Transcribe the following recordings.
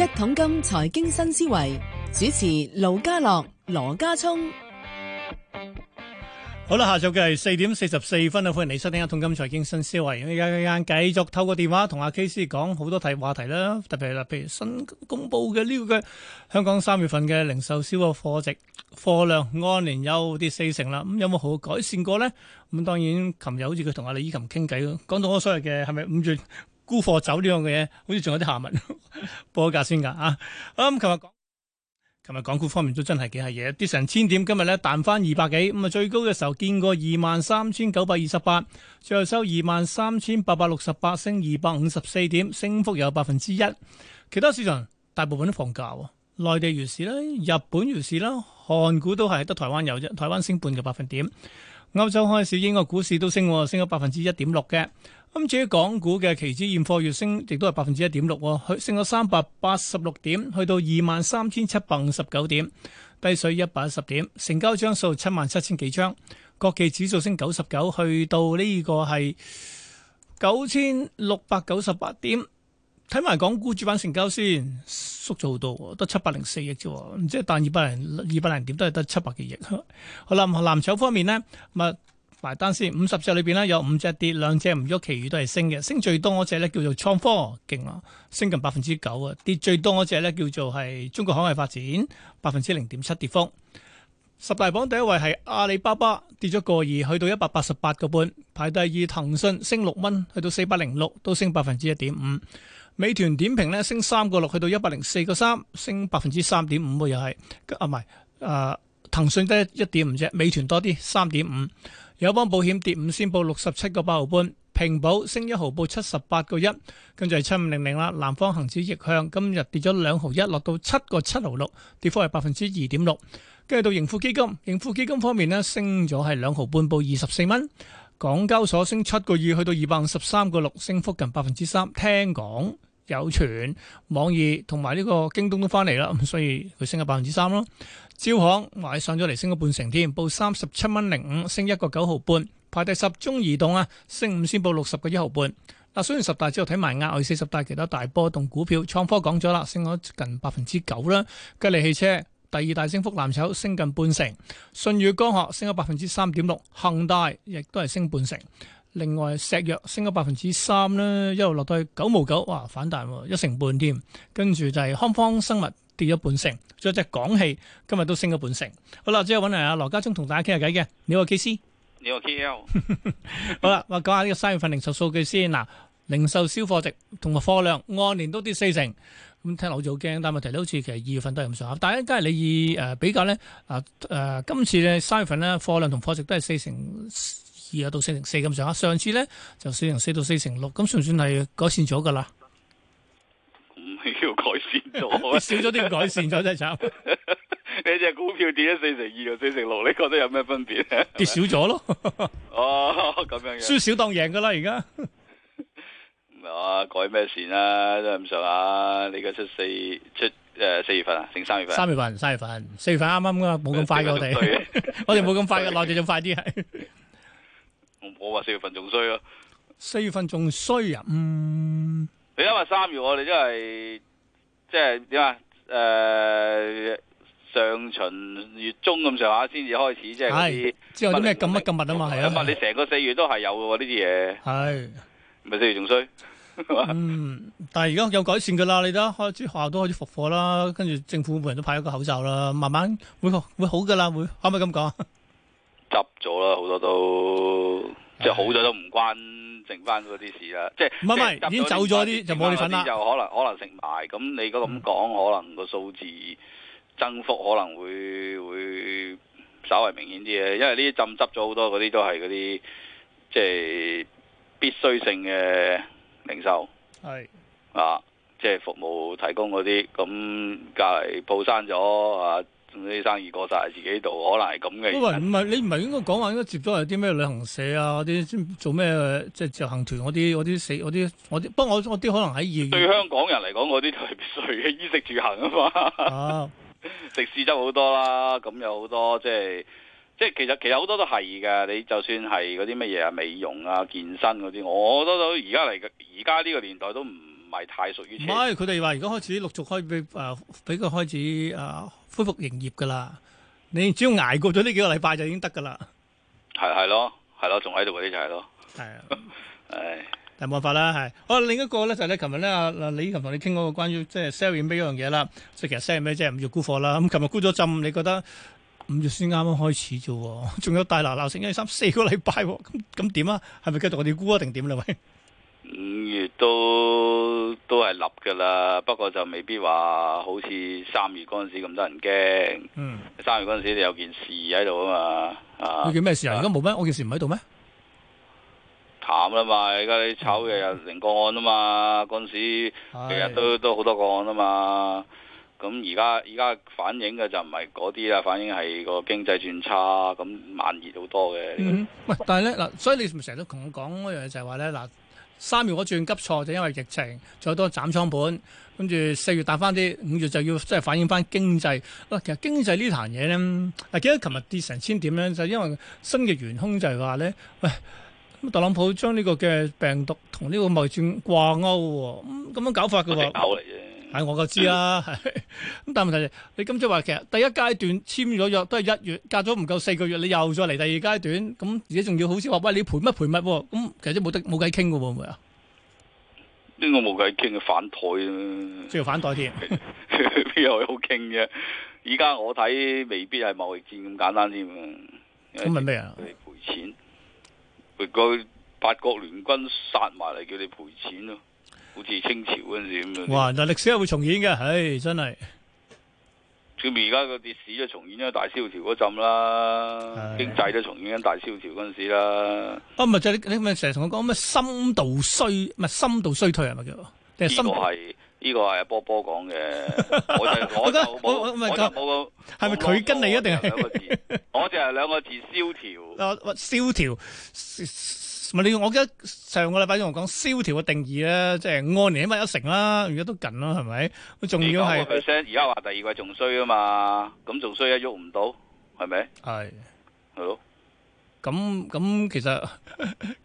一桶金財經新思維，主持盧家樂、羅家聰。好啦，下晝嘅係四點四十四分啊！歡迎你收聽一桶金財經新思維，依家繼續透過電話同阿 KC 講好多題話題啦，特別係譬如新公布嘅呢個嘅香港三月份嘅零售銷售貨值、貨量按年有啲四成啦，咁有冇好改善過呢？咁當然，琴日好似佢同阿李依琴傾偈咯，講到我所謂嘅係咪五月？沽貨走呢樣嘅嘢，好似仲有啲下文，報下價先㗎嚇。咁琴日講，琴日港股方面都真係幾係嘢，跌成千點今，今日咧彈翻二百幾，咁啊最高嘅時候見過二萬三千九百二十八，最後收二萬三千八百六十八，升二百五十四點，升幅有百分之一。其他市場大部分都房價，內地如是啦，日本如是啦，韓股都係得台灣有啫，台灣升半個百分點。歐洲開市，英國股市都升，升咗百分之一點六嘅。咁至於港股嘅期指現貨月升，亦都係百分之一點六，去升咗三百八十六點，去到二萬三千七百五十九點，低水一百一十點，成交張數七萬七千幾張。國企指數升九十九，去到呢個係九千六百九十八點。睇埋港股主板成交先，縮咗好多，得七百零四億啫，唔知但二百零二百零點都係得七百幾億。好啦，藍籌方面呢，啊埋單先，五十隻裏邊呢，有五隻跌，兩隻唔喐，其餘都係升嘅。升最多嗰隻呢，叫做創科，勁啊，升近百分之九啊。跌最多嗰隻呢，叫做係中國海外發展，百分之零點七跌幅。十大榜第一位係阿里巴巴，跌咗個二，去到一百八十八個半。排第二騰訊，升六蚊，去到四百零六，都升百分之一點五。美團點評咧升三個六，去到一百零四個三，升百分之三點五。又係啊，唔係誒騰訊得一點五啫，美團多啲三點五。友邦保險跌五仙報六十七個八毫半，平保升一毫，報七十八個一，跟住係七五零零啦。南方恒指逆向今日跌咗兩毫一，落到七個七毫六，跌幅係百分之二點六。跟住到盈富基金，盈富基金方面咧升咗係兩毫半，報二十四蚊。港交所升七個二，去到二百五十三個六，升幅近百分之三。聽講。有傳網易同埋呢個京東都翻嚟啦，所以佢升咗百分之三咯。招行買上咗嚟，升咗半成添，報三十七蚊零五，升一個九毫半，排第十。中移動啊，升五先報六十個一毫半。嗱，雖然十大之後睇埋額外四十大其他大波動股票，創科講咗啦，升咗近百分之九啦。吉利汽車第二大升幅藍籌，升近半成。舜宇光學升咗百分之三點六，恒大亦都係升半成。另外石藥升咗百分之三啦，一路落到去九毛九，哇，反彈一成半添。跟住就係康方生物跌咗半成，仲有隻港氣今日都升咗半成。好啦，最後揾嚟阿羅家聰同大家傾下偈嘅，你話 KC，你話 KL。好啦，話講下呢個三月份零售數據先嗱，零售銷貨值同埋貨量按年都跌四成，咁聽落好似好驚，但係問題你好似其實二月份都係咁上下，但係梗係你以誒比較咧，誒誒今次嘅三月份咧貨量同貨值都係四成。二啊到四成四咁上下，上次咧，就四成四到四成六，咁算唔算係改善咗噶啦？唔叫改善咗，少咗啲改善咗，真係慘。你隻股票跌咗四成二，到四成六，你覺得有咩分別？跌少咗咯。哦，咁樣樣。輸少當贏噶啦，而家唔係話改咩綫啊？真係唔信呀。你嘅出四出誒、呃、四月份啊，定三月份？三月份，三月份，四月份啱啱噶，冇咁快嘅我哋， 我哋冇咁快嘅，內地仲快啲係。 我話四月份仲衰啊，四月份仲衰啊，嗯、啊！你因為三月我哋真係即係點啊？誒、呃，上旬、月中咁上下先至開始，即、就、係、是哎、理之後啲咩金乜金物啊理嘛，係啊！你成個四月都係有喎呢啲嘢，係咪、哎、四月仲衰？ 嗯，但係而家有改善噶啦，你睇，開始學校都開始復課啦，跟住政府每人都派一個口罩啦，慢慢會會好噶啦，會可唔可以咁講？執咗啦，好多都。即係好咗都唔關剩翻嗰啲事啦，即係唔係唔係，已經走咗啲就冇啲份啦。就可能可能剩埋，咁你嗰咁講，可能個數字增幅可能會會稍微明顯啲嘅，因為呢啲浸執咗好多嗰啲都係嗰啲即係必須性嘅零售，係啊，即係服務提供嗰啲，咁隔離鋪山咗。啲生意過晒，自己度，可能係咁嘅。因為，唔係你唔係應該講話應該接咗係啲咩旅行社啊？啲做咩即係旅行團嗰啲、嗰啲死、嗰啲、我啲。不過我我啲可能喺粵語。對香港人嚟講，嗰啲都係必須嘅衣食住行啊嘛。啊 食肆執好多啦，咁有好多即係即係其實其實好多都係嘅。你就算係嗰啲乜嘢啊，美容啊、健身嗰啲，我覺得都而家嚟嘅。而家呢個年代都唔。唔係太屬於。唔係、嗯，佢哋話而家開始陸續開始誒，俾、呃、佢開始誒、呃、恢復營業噶啦。你只要捱過咗呢幾個禮拜就已經得噶啦。係係咯，係咯，仲喺度嗰啲就係咯。係啊的，係 唉。但冇辦法啦，係。哦，另一個咧就係咧，琴日咧啊李琴同你傾嗰個關於即係 sell in May 嗰樣嘢啦。即係其實 sell in May 即係五月沽貨啦。咁琴日沽咗浸，你覺得五月先啱啱開始啫喎，仲有大喇喇成一三四個禮拜喎。咁咁點啊？係咪繼續我哋沽啊？定點咧？喂？ 都都係立嘅啦，不過就未必話好似三月嗰陣時咁多人驚。嗯，三月嗰陣時你有件事喺度啊嘛，啊！佢叫咩事啊？而家冇咩？我件事唔喺度咩？淡啦嘛，而家你炒嘅又成個案啊嘛，嗰陣、嗯、時成日,日都都好多個案啊嘛。咁而家而家反映嘅就唔係嗰啲啦，反映係個經濟轉差，咁慢熱好多嘅。喂、嗯，但係咧嗱，所以你咪成日都同我講嗰樣嘢，就係話咧嗱，三月嗰轉急挫就因為疫情，再多斬倉盤，跟住四月打翻啲，五月就要即係反映翻經濟。喂，其實經濟呢壇嘢咧，嗱，記得琴日跌成千點咧？就是、因為新嘅元兇就係話咧，喂，特朗普將呢個嘅病毒同呢個貿易戰掛勾，咁咁樣搞法嘅話，嚟啫、啊。嗯係我個知啦、啊，係咁 但係問題，你今次話其實第一階段簽咗約都係一月，隔咗唔夠四個月，你又再嚟第二階段，咁而且仲要好似話，喂，你賠乜賠乜，咁、嗯、其實都冇得冇計傾噶喎，會唔會啊？邊個冇計傾嘅反台啦、啊，即係反台添，邊有好傾嘅？依家我睇未必係貿易戰咁簡單添啊！咁問咩啊？你賠錢，個八國聯軍殺埋嚟叫你賠錢咯。好似清朝嗰陣時咁樣，哇，但歷史係會重現嘅，唉，真係。咁而家個跌市都重現咗大蕭條嗰陣啦，經濟都重現緊大蕭條嗰陣時啦。哦，咪就你你咁樣成日同我講咩深度衰，唔係深度衰退係咪叫？呢個係呢個係波波講嘅，我就我覺得，我就我個係咪佢跟你一定係我就係兩個字蕭條。啊，蕭條。唔係你用我記得上個禮拜仲講蕭條嘅定義咧，即係按年起碼一成啦，而家都近啦，係咪？佢仲要係 percent，而家話第二季仲衰啊嘛，咁仲衰啊喐唔到，係咪？係係咯，咁咁其實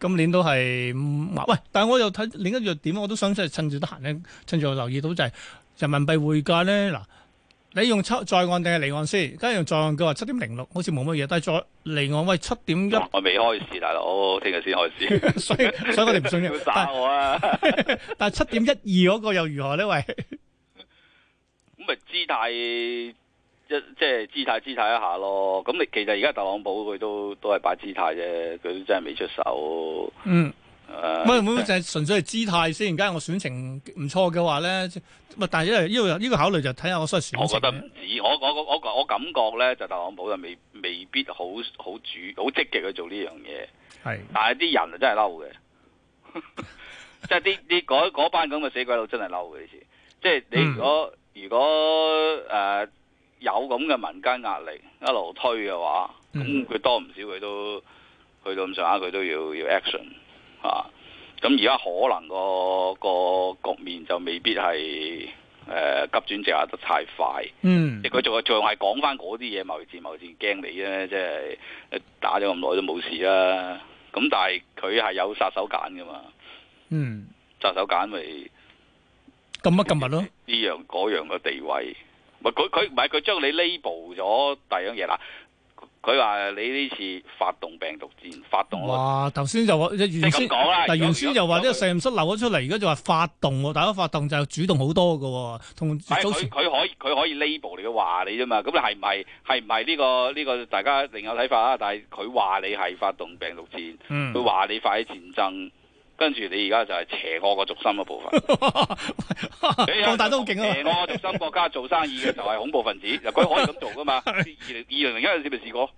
今年都係唔啊，喂！但係我又睇另一樣點，我都想即係趁住得閒咧，趁住我留意到就係人民幣匯價咧嗱。你用在岸定係離岸先？梗係用在岸，佢話七點零六，好似冇乜嘢。但係在離岸喂七點一，我未開始，大佬聽日先開始。 所以所以我哋唔信你。打我啊！ 但七點一二嗰個又如何呢？喂，咁咪姿態一即係姿態姿態一下咯。咁你其實而家特朗普佢都都係擺姿態啫，佢都真係未出手。嗯。唔係，冇就純粹係姿態先。而家我選情唔錯嘅話咧，唔但係因為呢個呢個考慮就睇下我需唔？我覺得唔止。我我我我感覺咧，就是、特朗普就未未必好好主好積極去做呢樣嘢。係，但係啲人啊真係嬲嘅，即係啲啲班咁嘅死鬼佬真係嬲嘅事。 即係你如果、嗯、如果誒、呃、有咁嘅民間壓力一路推嘅話，咁佢、嗯嗯、多唔少佢都去到咁上下，佢都要要 action。啊！咁而家可能個個局面就未必係誒、呃、急轉直下得太快。嗯，佢仲係仲係講翻嗰啲嘢，謀戰謀戰驚你咧，即係打咗咁耐都冇事啦。咁但係佢係有殺手鐧噶嘛？嗯，殺手鐧咪撳乜撳乜咯？呢樣嗰樣嘅地位，唔係佢佢唔係佢將你 label 咗第二樣嘢啦。佢話：你呢次發動病毒戰，發動我。哇！頭先就話，原先嗱原先就話啲實驗室漏咗出嚟，而家就話發動，大家發動就主動好多嘅。同時佢可以佢可以 label 你嘅話你啫嘛，咁你係唔係係唔係呢個呢個大家另有睇法啊？但係佢話你係發動病毒戰，佢話、嗯、你發起戰爭。跟住你而家就係邪惡、 啊、 個軸心嘅部分，但都好勁啊！邪惡軸心國家做生意嘅就係恐怖分子，嗱佢可以咁做噶嘛？二零二零零一陣時未試過？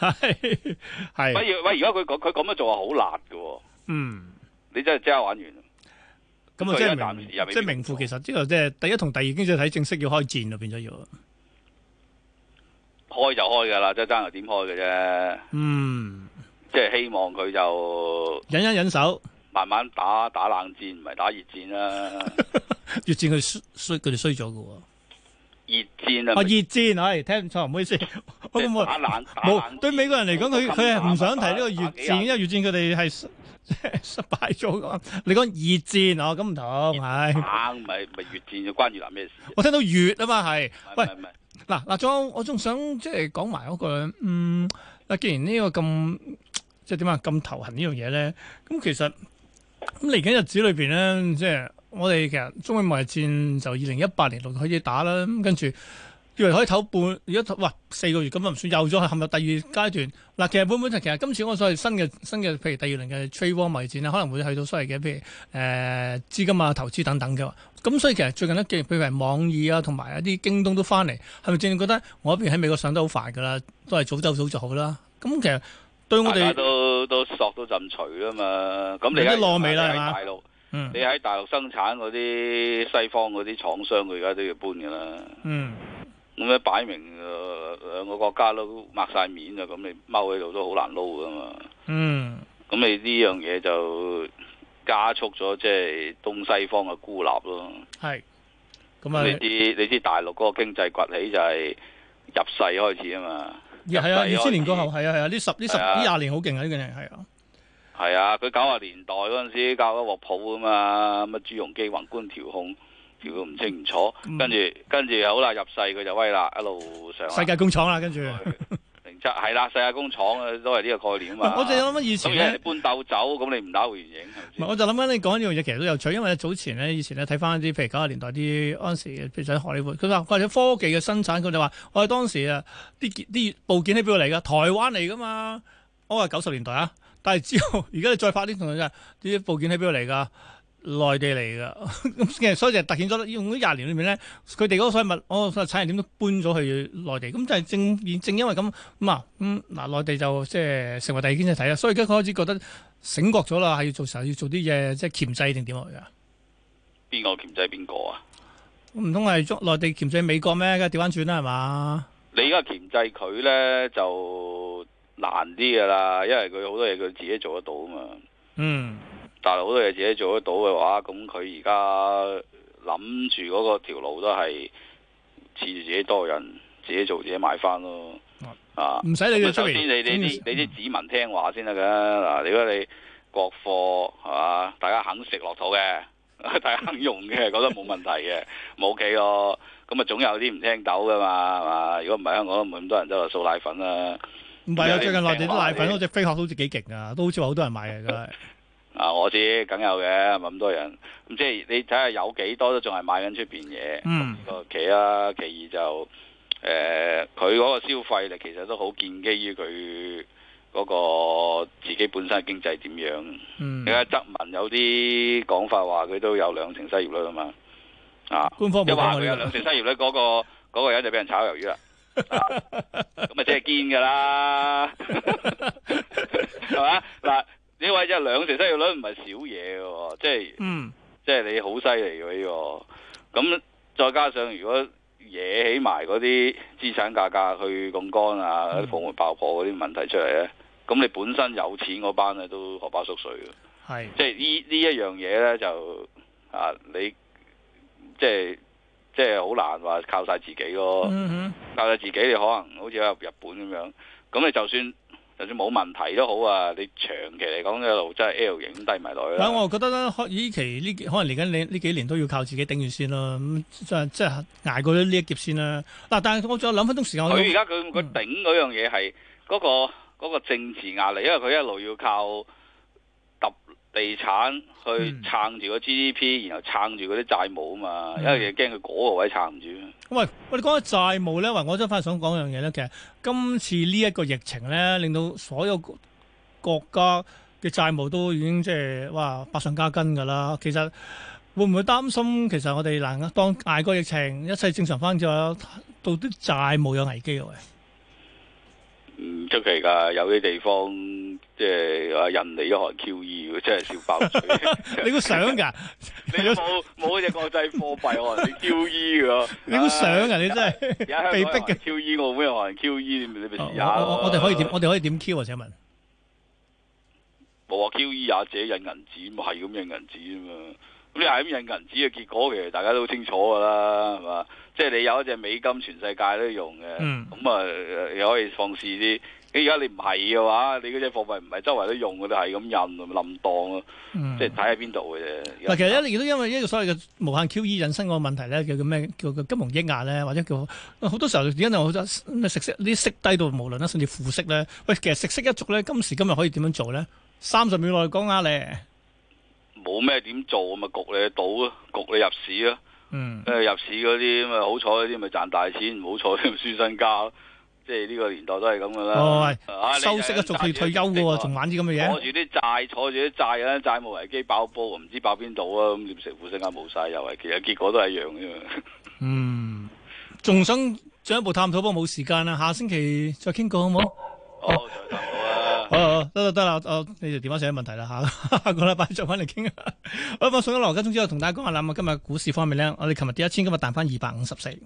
係喂，而喂，而家佢佢咁樣做係好辣嘅喎。Mm, 嗯，你真係即刻玩完。咁啊，即係即係名副其實。之後即係第一同第二經濟體正式要開戰啦，變咗要。開就開㗎啦，即係爭係點開嘅啫。嗯，即係希望佢就忍一忍手。慢慢打打冷戰，唔係打熱戰啦。越戰佢衰，佢哋衰咗嘅喎。熱戰啊！啊熱戰，係聽唔錯，唔好意思。冇對美國人嚟講，佢佢係唔想提呢個越戰，因為越戰佢哋係失敗咗。你講熱戰啊，咁唔同係。冷咪咪越戰就關越南咩事？我聽到熱啊嘛，係。喂，嗱嗱，莊，我仲想即係講埋嗰個，嗯，嗱，既然呢個咁即係點啊，咁頭痕呢樣嘢咧，咁其實。咁嚟緊日子裏邊咧，即係我哋其實中美貿易戰就二零一八年六月開始打啦，咁跟住以為可以唞半，如果喂四個月咁都唔算，又咗係陷入第二階段。嗱，其實本本就其實今次我所謂新嘅新嘅，譬如第二輪嘅 trade war 貿易戰咧，可能會去到所謂嘅，譬如誒、呃、資金啊、投資等等嘅。咁、嗯、所以其實最近咧，譬如網易啊，同埋一啲京東都翻嚟，係咪正覺得我一邊喺美國上得好快噶啦，都係早走早就好啦。咁、嗯嗯、其實。對我哋都都索到陣錘啦嘛，咁你喺大陸，你喺大陸生產嗰啲西方嗰啲廠商，佢而家都要搬噶啦。嗯，咁樣擺明兩個國家都抹晒面啊，咁你踎喺度都好難撈噶嘛嗯。嗯，咁你呢樣嘢就加速咗即係東西方嘅孤立咯。係，嗯，咁啊，你啲你啲大陸嗰個經濟崛起就係入世開始啊嘛。係啊，二千年過後，係啊係啊，呢十呢的十幾廿年好勁啊，呢個人係啊，係啊，佢九十年代嗰陣時搞咗鑊粥啊嘛，乜朱鎔基宏觀調控調到唔清唔楚，嗯、跟住跟住好啦，入世佢就威啦，一路上世界工廠啦，跟住。的 就係啦，世界工廠啊，都係呢個概念啊嘛。我就諗翻以前咧搬豆走，咁你唔打回原形唔係，我就諗緊你講呢樣嘢其實都有趣，因為早前咧，以前咧睇翻啲，譬如九十年代啲陣時，譬如喺荷里活，佢話或者科技嘅生產，佢就話我哋當時啊啲啲部件喺邊度嚟㗎？台灣嚟㗎嘛？我話九十年代啊，但係之後而家你再發啲同樣嘢，啲部件喺邊度嚟㗎？內地嚟噶，咁所以就突顯咗用咗廿年裏面咧，佢哋嗰個廢物，我所產業點都搬咗去內地，咁就正正因為咁咁啊，咁嗱內地就即係成為第二經濟體啊，所以而家佢開始覺得醒覺咗啦，係要做成，要做啲嘢，即係鉗制定點落去啊？邊個鉗制邊個啊？唔通係中內地鉗制美國咩？梗係調翻轉啦，係嘛？你而家鉗制佢咧就難啲噶啦，因為佢好多嘢佢自己做得到啊嘛。嗯。但係好多嘢自己做得到嘅話，咁佢而家諗住嗰個條路都係恃住自己多人，自己做自己賣翻咯。啊，唔使、啊、你嘅支持。首先，你、嗯、你啲你啲子民聽話先得噶。嗱、啊，如果你國貨係嘛，大家肯食落肚嘅，大家肯用嘅， 覺得冇問題嘅，冇企嘅。咁啊，總有啲唔聽豆噶嘛。如果唔係香港，都冇咁多人都話掃奶粉啦。唔係啊，是最近內地啲奶粉好似飛鶴都好似幾勁啊，都好似話好多人買嘅，真係。啊！我知梗有嘅咁多人，咁即係你睇下有幾多都仲係買緊出邊嘢。嗯，個其一，其二就，誒、欸，佢嗰個消費力其實都好建基於佢嗰個自己本身經濟點樣。你而家澤文有啲講法話佢都有兩成失業率啊嘛。啊，官方冇嘅、那個。話佢有兩成失業率，嗰個嗰個人就俾人炒魷魚啦。咁啊，即係堅噶啦，係嘛嗱。呢位即係兩成失業率唔係少嘢嘅喎，即係，嗯、即係你好犀利喎呢個，咁再加上如果惹起埋嗰啲資產價格去槓桿啊，貨物、嗯、爆破嗰啲問題出嚟咧，咁你本身有錢嗰班都是 啊都荷包縮水嘅，係，即係呢呢一樣嘢咧就啊你即係即係好難話靠晒自己咯，嗯、哼靠晒自己你可能好似喺日本咁樣，咁你就算。就算冇問題都好啊！你長期嚟講一路真係 L 型低埋落去。但、嗯、我覺得咧，依期呢可能嚟緊呢呢幾年都要靠自己頂住先咯。咁即係即係捱過咗呢一劫先啦。嗱、啊，但係我仲有兩分鐘時間。佢而家佢佢頂嗰樣嘢係嗰個嗰、嗯、個政治壓力，因為佢一路要靠。地產去撐住個 GDP，然後撐住嗰啲債務啊嘛，嗯、因為驚佢嗰個位撐唔住。喂，喂，我哋講下債務咧？話我真係想講樣嘢咧。其實今次呢一個疫情咧，令到所有國家嘅債務都已經即係哇百上加斤噶啦。其實會唔會擔心？其實我哋難當捱過疫情，一切正常翻之後，到啲債務有危機嘅？唔出奇噶，有啲地方。即係啊，印尼都學人 QE，真係笑爆嘴。 你估想噶？你都冇冇隻國際貨幣喎、e？ 啊、你 QE 噶？你估想噶？你真係被逼嘅 QE，我冇咩話人 QE，你咪、啊哦、我哋可以點我哋可以點 QE？、啊、請問？冇話 QE，也只印銀紙，咁係咁印銀紙啊嘛。咁你係咁印銀紙嘅結果，其實大家都清楚噶啦，係嘛？即、就、係、是、你有一隻美金，全世界都用嘅，咁啊又可以放肆啲。你而家你唔係嘅話，你嗰隻貨幣唔係周圍都用嘅都係咁印，冧檔啊，嗯、即係睇喺邊度嘅啫。其實一年都因為呢個所謂嘅無限 QE 引申個問題咧，叫咩叫金融抑壓咧，或者叫好多時候點解就咁食息啲息低到無倫啦，甚至負息咧。喂，其實食息一族咧，今時今日可以點樣做咧？三十秒內講啊你，冇咩點做咪焗你賭啊，焗你入市啊，嗯，入市嗰啲咁啊，好彩嗰啲咪賺大錢，唔好彩輸身家。即係呢個年代都係咁噶啦，收息、哦、啊，逐步退休喎、啊，仲玩啲咁嘅嘢，坐住啲債，坐住啲債啦，債務危機爆煲，唔知爆邊度啊，咁連成副身家冇晒又係，其實結果都係一樣嘅嘛。嗯，仲想進一步探討，不過冇時間啦、啊，下星期再傾過好唔好？ 好，再談 好啊。好，得得得啦，你哋電話上啲問題啦，下個禮拜再翻嚟傾。 好，我送咗羅家聰之後同大家講下啦。今日股市方面咧，我哋琴日跌一千，今日彈翻二百五十四。